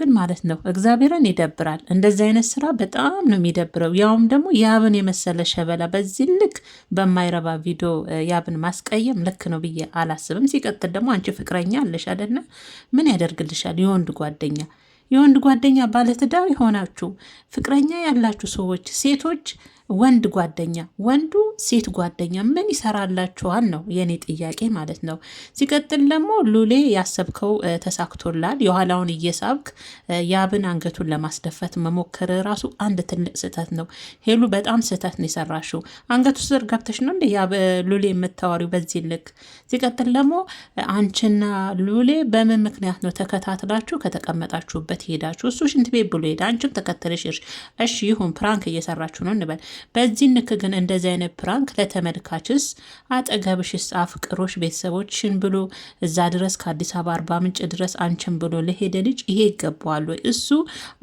ግን ማለት ነው እግዚአብሔርን ይደብራል። እንደዚህ አይነት ስራ በጣም ነው የሚደብረው። ያውም ደግሞ ያብን የመሰለ ሸበላ በዚህ ልክ በማይረባ ቪዲዮ ያብን ማስቀየም ልክ ነው ብዬ አላስብም። ሲቀጥል ደግሞ አንቺ ፍቅረኛ አለሽ ምን ያደርግልሻል? የወንድ ጓደኛ የወንድ ጓደኛ ባለትዳር የሆናችሁ ፍቅረኛ ያላችሁ ሰዎች ሴቶች ወንድ ጓደኛ ወንዱ ሴት ጓደኛ ምን ይሰራላችኋል? ነው የእኔ ጥያቄ ማለት ነው። ሲቀጥል ደግሞ ሉሌ ያሰብከው ተሳክቶላል። የኋላውን እየሳብክ ያብን አንገቱን ለማስደፈት መሞከር ራሱ አንድ ትልቅ ስህተት ነው። ሄሉ በጣም ስህተት ነው የሰራሽው። አንገቱ ስር ገብተሽ ነው እንደ ያብ ሉሌ የምታወሪው በዚህ ልክ። ሲቀጥል ደግሞ አንቺና ሉሌ በምን ምክንያት ነው ተከታትላችሁ ከተቀመጣችሁበት ጥሎበት ይሄዳችሁ። እሱ ሽንት ቤት ብሎ ሄደ፣ አንቺም ተከተለሽ ሄድሽ። እሺ ይሁን፣ ፕራንክ እየሰራችሁ ነው እንበል። በዚህ ንክ ግን እንደዚህ አይነት ፕራንክ ለተመልካችስ፣ አጠገብሽስ፣ አፍቅሮሽ፣ ቤተሰቦችን ብሎ እዛ ድረስ ከአዲስ አበባ አርባ ምንጭ ድረስ አንቺን ብሎ ለሄደ ልጅ ይሄ ይገባዋል ወይ? እሱ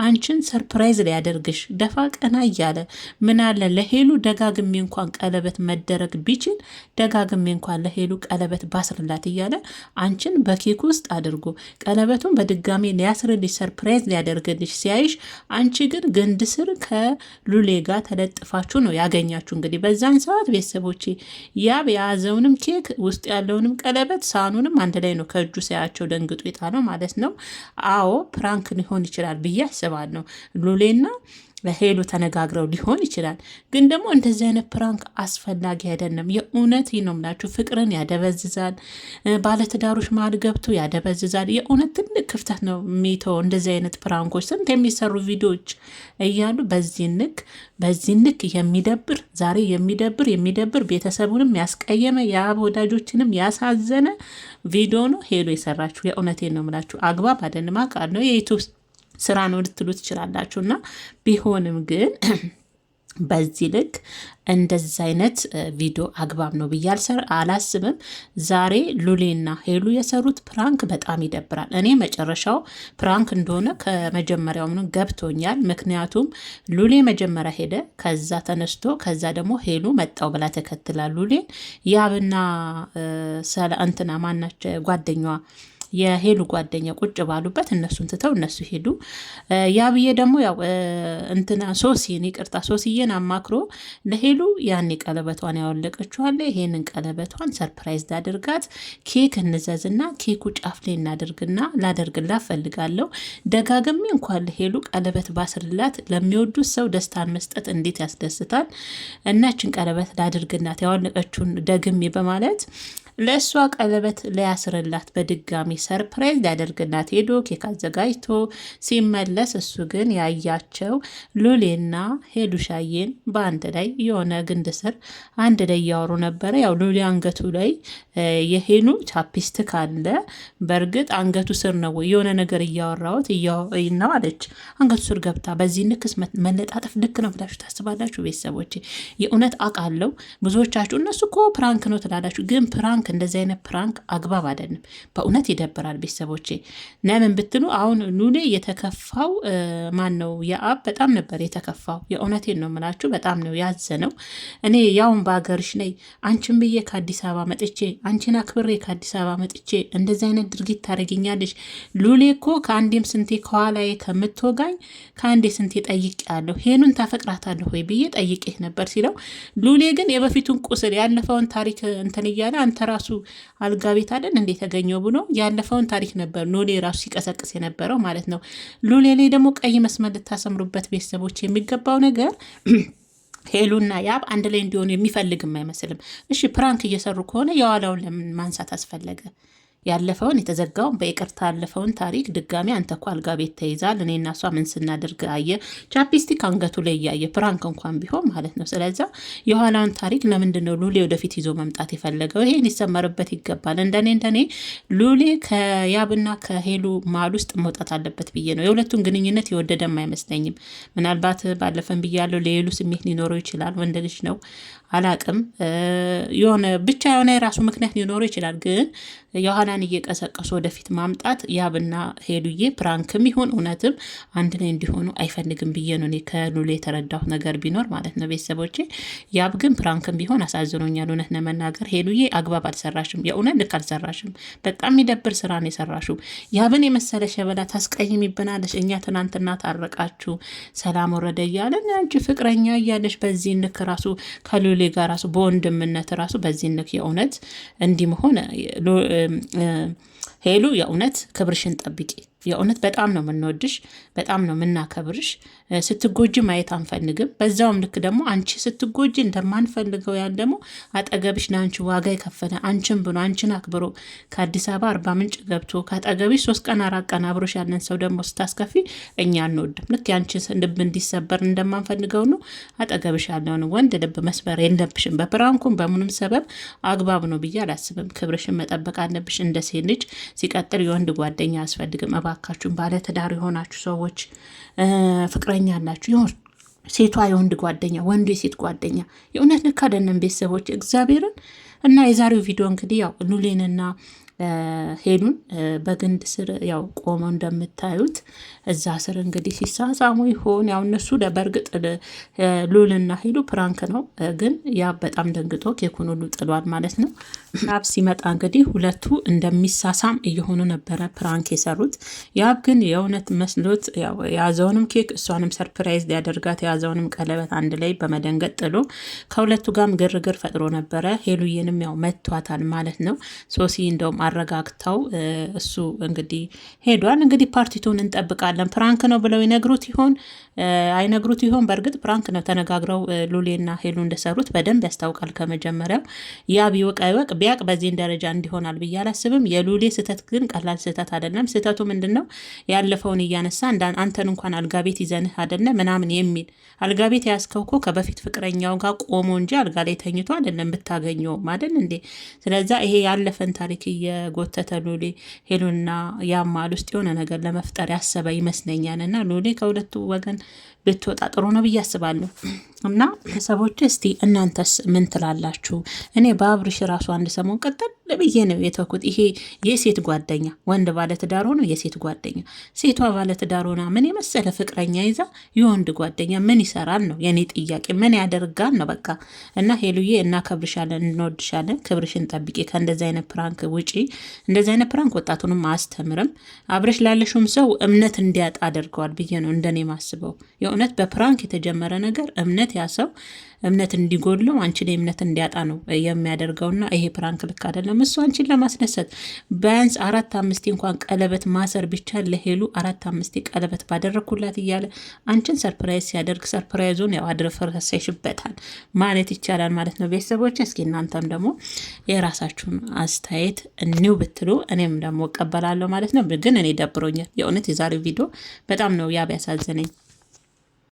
አንቺን ሰርፕራይዝ ሊያደርግሽ ደፋ ቀና እያለ ምናለ ለሄሉ ደጋግሜ እንኳን ቀለበት መደረግ ቢችል ደጋግሜ እንኳን ለሄሉ ቀለበት ባስርላት እያለ አንቺን በኬክ ውስጥ አድርጎ ቀለበቱን በድጋሚ ሊያስርልሽ ሰርፕራይዝ ሰርፕራይዝ ሊያደርግልሽ ሲያይሽ፣ አንቺ ግን ግንድ ስር ከሉሌ ጋር ተለጥፋችሁ ነው ያገኛችሁ። እንግዲህ በዛን ሰዓት ቤተሰቦቼ ያብ የያዘውንም ኬክ ውስጥ ያለውንም ቀለበት ሳህኑንም አንድ ላይ ነው ከእጁ ሳያቸው ደንግጡ የጣለው ማለት ነው። አዎ ፕራንክ ሊሆን ይችላል ብዬ አስባለሁ ሉሌና ለሄሉ ተነጋግረው ሊሆን ይችላል። ግን ደግሞ እንደዚህ አይነት ፕራንክ አስፈላጊ አይደለም። የእውነት ነው ምላችሁ ፍቅርን ያደበዝዛል። ባለትዳሮች መሀል ገብቶ ያደበዝዛል። የእውነት ትልቅ ክፍተት ነው የሚተው እንደዚህ አይነት ፕራንኮች፣ ስንት የሚሰሩ ቪዲዮዎች እያሉ በዚህ ንክ በዚህ ንክ የሚደብር ዛሬ የሚደብር የሚደብር ቤተሰቡንም ያስቀየመ የአብ ወዳጆችንም ያሳዘነ ቪዲዮ ነው ሄሉ የሰራችሁ። የእውነቴን ነው ምላችሁ አግባብ አይደለም። ነው የዩቱብ ስራ ነው ልትሉ ትችላላችሁ። እና ቢሆንም ግን በዚህ ልክ እንደዚ አይነት ቪዲዮ አግባብ ነው ብዬ አላስብም። ዛሬ ሉሌና ሄሉ የሰሩት ፕራንክ በጣም ይደብራል። እኔ መጨረሻው ፕራንክ እንደሆነ ከመጀመሪያውም ገብቶኛል። ምክንያቱም ሉሌ መጀመሪያ ሄደ፣ ከዛ ተነስቶ፣ ከዛ ደግሞ ሄሉ መጣው ብላ ተከትላል ሉሌን ያብና እንትና ማናቸው ጓደኛዋ የሄሉ ጓደኛ ቁጭ ባሉበት እነሱን ትተው እነሱ ሄዱ። ያ ብዬ ደግሞ ያው እንትና ሶሲን ይቅርታ ሶሲዬን አማክሮ ለሄሉ ያኔ ቀለበቷን ያወለቀችዋለ ይሄንን ቀለበቷን ሰርፕራይዝ ላድርጋት ኬክ እንዘዝና ኬኩ ጫፍ ላይ እናደርግና ላደርግላት ፈልጋለሁ። ደጋግሜ እንኳን ለሄሉ ቀለበት ባስርላት ለሚወዱት ሰው ደስታን መስጠት እንዴት ያስደስታል። እናችን ቀለበት ላድርግናት ያወለቀችውን ደግሜ በማለት ለእሷ ቀለበት ሊያስርላት በድጋሚ ሰርፕራይዝ ሊያደርግላት ሄዶ ኬክ አዘጋጅቶ ሲመለስ እሱ ግን ያያቸው ሉሌና ሄሉሻዬን በአንድ ላይ የሆነ ግንድ ስር አንድ ላይ እያወሩ ነበረ። ያው ሉሌ አንገቱ ላይ የሄሉ ቻፒስቲክ አለ። በእርግጥ አንገቱ ስር ነው የሆነ ነገር እያወራሁት ነው አለች። አንገቱ ስር ገብታ በዚህ ንክስ መለጣጠፍ ልክ ነው ብላችሁ ታስባላችሁ? ቤተሰቦች የእውነት አቃለው ብዙዎቻችሁ እነሱ እኮ ፕራንክ ነው ትላላችሁ፣ ግን ፕራንክ ፕራንክ እንደዚህ አይነት ፕራንክ አግባብ አይደለም። በእውነት ይደብራል። ቤተሰቦቼ ለምን ብትሉ አሁን ሉሌ የተከፋው ማን ነው? የአብ በጣም ነበር የተከፋው። የእውነቴን ነው የምላችሁ፣ በጣም ነው ያዘነው። እኔ ያውን በሀገርሽ ነይ አንቺን ብዬ ከአዲስ አበባ መጥቼ አንቺን አክብሬ ከአዲስ አበባ መጥቼ እንደዚህ አይነት ድርጊት ታደርጊኛለሽ? ሉሌ እኮ ከአንዴም ስንቴ ከኋላዬ ከምትወጋኝ ከአንዴ ስንቴ ያለሁ ሄኑን ታፈቅራታለሁ ወይ ብዬ ጠይቄህ ነበር ሲለው ሉሌ ግን የበፊቱን ቁስል ያለፈውን ታሪክ እንትን እያለ አንተራ ራሱ አልጋ ቤት አለን እንዴ ተገኘው ብሎ ያለፈውን ታሪክ ነበር ሎሌ ራሱ ሲቀሰቅስ የነበረው ማለት ነው። ሎሌ ላይ ደግሞ ቀይ መስመር ልታሰምሩበት ቤተሰቦች የሚገባው ነገር ሄሉና ያብ አንድ ላይ እንዲሆኑ የሚፈልግም አይመስልም። እሺ ፕራንክ እየሰሩ ከሆነ የዋላውን ለምን ማንሳት አስፈለገ? ያለፈውን የተዘጋውን በይቅርታ ያለፈውን ታሪክ ድጋሚ አንተ እኮ አልጋ ቤት ተይዛል፣ እኔ እና እሷ ምን ስናደርግ አየ ቻፕስቲክ አንገቱ ላይ እያየ ፕራንክ እንኳን ቢሆን ማለት ነው። ስለዛ የኋላውን ታሪክ ለምንድን ነው ሉሌ ወደፊት ይዞ መምጣት የፈለገው? ይሄን ይሰመርበት ይገባል። እንደኔ እንደኔ ሉሌ ከያብና ከሄሉ መሀል ውስጥ መውጣት አለበት ብዬ ነው። የሁለቱን ግንኙነት የወደደም አይመስለኝም። ምናልባት ባለፈን ብያለው፣ ለሄሉ ስሜት ሊኖረው ይችላል። ወንድ ልጅ ነው አላቅም፣ የሆነ ብቻ የሆነ የራሱ ምክንያት ሊኖረው ይችላል ግን የኋላ ሀናን እየቀሰቀሱ ወደፊት ማምጣት ያብና ሄሉዬ ፕራንክም ይሁን እውነትም አንድ ላይ እንዲሆኑ አይፈልግም ብዬ ነው እኔ ከሉሉ የተረዳሁት ነገር ቢኖር ማለት ነው። ቤተሰቦቼ ያብ ግን ፕራንክም ቢሆን አሳዝኖኛል። እውነት ለመናገር ሄሉዬ አግባብ አልሰራሽም፣ የእውነት ልክ አልሰራሽም። በጣም የሚደብር ስራ ነው የሰራሽው። ያብን የመሰለ ሸበላ ታስቀይሚብናለሽ። እኛ ትናንትና ታረቃችሁ ሰላም ወረደ እያለን አንቺ ፍቅረኛ እያለሽ በዚህ ንክ ራሱ ከሉሌ ጋር ራሱ በወንድምነት ራሱ በዚህ ንክ የእውነት እንዲህ መሆን ሄሉ የእውነት ክብርሽን ጠብቂ የእውነት በጣም ነው የምንወድሽ፣ በጣም ነው የምናከብርሽ። ስትጎጂ ማየት አንፈልግም። በዛውም ልክ ደግሞ አንቺ ስትጎጂ እንደማንፈልገው ያን ደግሞ አጠገብሽ ለአንቺ ዋጋ የከፈለ አንቺን ብሎ አንቺን አክብሮ ከአዲስ አበባ አርባ ምንጭ ገብቶ ከአጠገብሽ ሶስት ቀን አራት ቀን አብሮሽ ያለን ሰው ደግሞ ስታስከፊ እኛ አንወድም። ልክ ያንቺ ልብ እንዲሰበር እንደማንፈልገው ነው። አጠገብሽ ያለውን ወንድ ልብ መስበር የለብሽም። በፕራንኩም በምንም ሰበብ አግባብ ነው ብዬ አላስብም። ክብርሽን መጠበቅ አለብሽ እንደ ሴት ልጅ። ሲቀጥል የወንድ ጓደኛ እባ እባካችሁን ባለትዳር የሆናችሁ ሰዎች ፍቅረኛ አላችሁ ይሆን ሴቷ የወንድ ጓደኛ፣ ወንዱ የሴት ጓደኛ የእውነት ልክ ቤተሰቦች እግዚአብሔርን እና የዛሬው ቪዲዮ እንግዲህ ያው ሉሌንና ሄሉን በግንድ ስር ያው ቆመው እንደምታዩት እዛ ስር እንግዲህ ሲሳሳሙ ይሆን ያው እነሱ ሉል ሉልና ሄሉ ፕራንክ ነው፣ ግን ያ በጣም ደንግጦ ኬኩን ሁሉ ጥሏል ማለት ነው። ያብ ሲመጣ እንግዲህ ሁለቱ እንደሚሳሳም እየሆኑ ነበረ ፕራንክ የሰሩት። ያብ ግን የእውነት መስሎት የያዘውንም ኬክ እሷንም ሰርፕራይዝ ሊያደርጋት የያዘውንም ቀለበት አንድ ላይ በመደንገጥ ጥሎ ከሁለቱ ጋርም ግርግር ፈጥሮ ነበረ። ሄሉዬንም ያው መቷታል ማለት ነው። ሶሲ እንደውም አረጋግተው እሱ እንግዲህ ሄዷል። እንግዲህ ፓርቲቱን እንጠብቃለን። ፕራንክ ነው ብለው ይነግሩት ይሆን አይነግሩት ይሆን? በእርግጥ ፕራንክ ነው ተነጋግረው ሉሌና ሄሉ እንደሰሩት በደንብ ያስታውቃል። ከመጀመሪያው ያ ቢወቅ አይወቅ ቢያቅ በዚህን ደረጃ እንዲሆናል ብዬ አላስብም። የሉሌ ስህተት ግን ቀላል ስህተት አይደለም። ስህተቱ ምንድን ነው? ያለፈውን እያነሳ አንተን እንኳን አልጋ ቤት ይዘንህ አደለ ምናምን የሚል አልጋ ቤት ያዝከው እኮ ከበፊት ፍቅረኛው ጋር ቆሞ እንጂ አልጋ ላይ ተኝቶ አደለም ብታገኘውም አደል እንዴ? ስለዛ ይሄ ያለፈን ታሪክ እየ የጎተተ ሎሌ ሄሉና ያማል ውስጥ የሆነ ነገር ለመፍጠር ያሰበ ይመስለኛል። እና ሎሌ ከሁለቱ ወገን ብትወጣ ጥሩ ነው ብዬ አስባለሁ። እና ሰዎች እስቲ እናንተስ ምን ትላላችሁ? እኔ በአብርሽ ራሱ አንድ ሰሞን ቀጥል ለብዬ ነው የተኩት። ይሄ የሴት ጓደኛ ወንድ ባለትዳር ሆኖ የሴት ጓደኛ፣ ሴቷ ባለትዳር ሆና ምን የመሰለ ፍቅረኛ ይዛ የወንድ ጓደኛ ምን ይሰራል ነው የኔ ጥያቄ። ምን ያደርጋል ነው በቃ። እና ሄሉዬ እናከብርሻለን፣ እንወድሻለን፣ ክብርሽን ጠብቄ ከእንደዚ አይነት ፕራንክ ውጪ። እንደዚ አይነት ፕራንክ ወጣቱንም አያስተምርም። አብረሽ ላለሽውም ሰው እምነት እንዲያጣ አደርገዋል ብዬ ነው እንደኔ ማስበው። የእውነት በፕራንክ የተጀመረ ነገር እምነት ያሰው እምነት እንዲጎድለው አንቺ ላይ እምነት እንዲያጣ ነው የሚያደርገውና ይሄ ፕራንክ ልክ አይደለም። ነው። እሱ አንቺን ለማስደሰት ቢያንስ አራት አምስቴ እንኳን ቀለበት ማሰር ብቻ ለሄሉ አራት አምስቴ ቀለበት ባደረግኩላት እያለ አንቺን ሰርፕራይዝ ሲያደርግ ሰርፕራይዙን ያው አድርፈርሰሽበታል ማለት ይቻላል ማለት ነው። ቤተሰቦች እስኪ እናንተም ደግሞ የራሳችሁን አስተያየት እኒው ብትሉ እኔም ደግሞ እቀበላለሁ ማለት ነው። ግን እኔ ደብሮኛል የእውነት የዛሬው ቪዲዮ በጣም ነው ያብ ያሳዘነኝ።